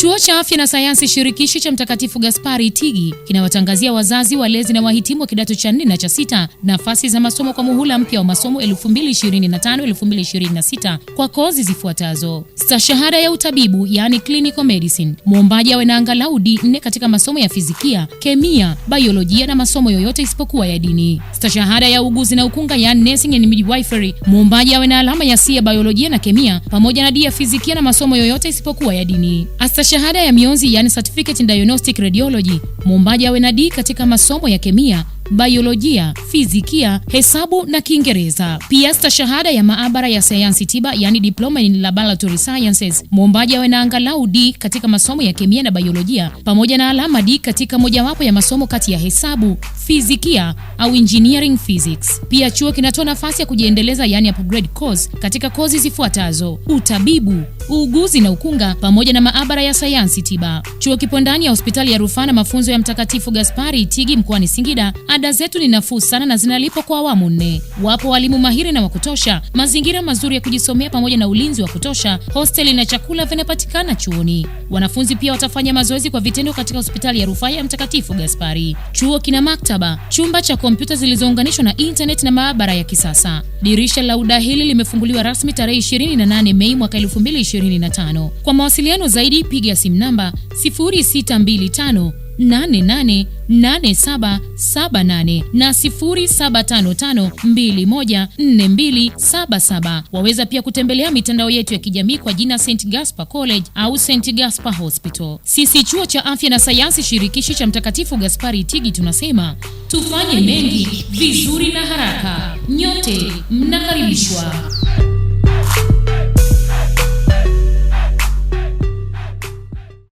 Chuo cha Afya na Sayansi Shirikishi cha Mtakatifu Gaspari Itigi kinawatangazia wazazi, walezi na wahitimu wa kidato cha nne na cha sita nafasi za masomo kwa muhula mpya wa masomo 2025-2026 kwa kozi zifuatazo: stashahada ya utabibu, yaani clinical medicine, mwombaji awe na angalau D4 katika masomo ya fizikia, kemia, biolojia na masomo yoyote isipokuwa ya dini. Stashahada ya uguzi na ukunga, yaani nursing and midwifery, mwombaji awe na alama ya C ya biolojia na kemia pamoja na D ya fizikia na masomo yoyote isipokuwa ya dini. Asta shahada ya mionzi yani certificate in diagnostic radiology, muombaji awe na D katika masomo ya kemia biolojia, fizikia, hesabu na Kiingereza. Pia stashahada ya maabara ya sayansi tiba, yani diploma in laboratory sciences, mwombaji awe na angalau D katika masomo ya kemia na biolojia pamoja na alama D katika mojawapo ya masomo kati ya hesabu, fizikia au engineering physics. Pia chuo kinatoa nafasi ya kujiendeleza, yani upgrade course katika kozi zifuatazo: utabibu, uuguzi na ukunga pamoja na maabara ya sayansi tiba. Chuo kipo ndani ya hospitali ya rufaa na mafunzo ya Mtakatifu Gaspari Tigi mkoani Singida. Ada zetu ni nafuu sana na zinalipwa kwa awamu nne. Wapo walimu mahiri na wa kutosha, mazingira mazuri ya kujisomea pamoja na ulinzi wa kutosha, hosteli na chakula vinapatikana chuoni. Wanafunzi pia watafanya mazoezi kwa vitendo katika hospitali ya rufaa ya Mtakatifu Gaspari. Chuo kina maktaba, chumba cha kompyuta zilizounganishwa na intaneti na maabara ya kisasa. Dirisha la udahili limefunguliwa rasmi tarehe 28 Mei mwaka 2025. Kwa mawasiliano zaidi piga simu namba 0625 888778 na 0755214277. Waweza pia kutembelea mitandao yetu ya kijamii kwa jina St. Gaspar College au St. Gaspar Hospital. Sisi chuo cha afya na sayansi shirikishi cha Mtakatifu Gaspari tigi tunasema tufanye mengi vizuri na haraka. Nyote mnakaribishwa.